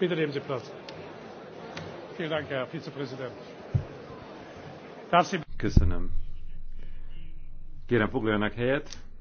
Bitte nehmen Sie Platz. Vielen Dank, Herr Vizepräsident. Köszönöm. Kérem, foglaljanak helyet.